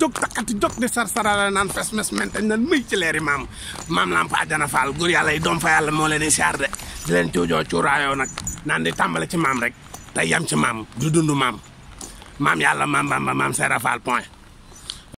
jóg takkati jóg di sarsarala naan fes mes mentañ nan mëy ci leeri maam maam lamp àjjana faal gur yàlla yi doom fa yàlla moo leen di siyaar de di leen cuujoo cuuraayoo nag naan di tàmbale ci maam rek tey yam ci maam du dund maam maam yàlla maam bamba maam seera faal point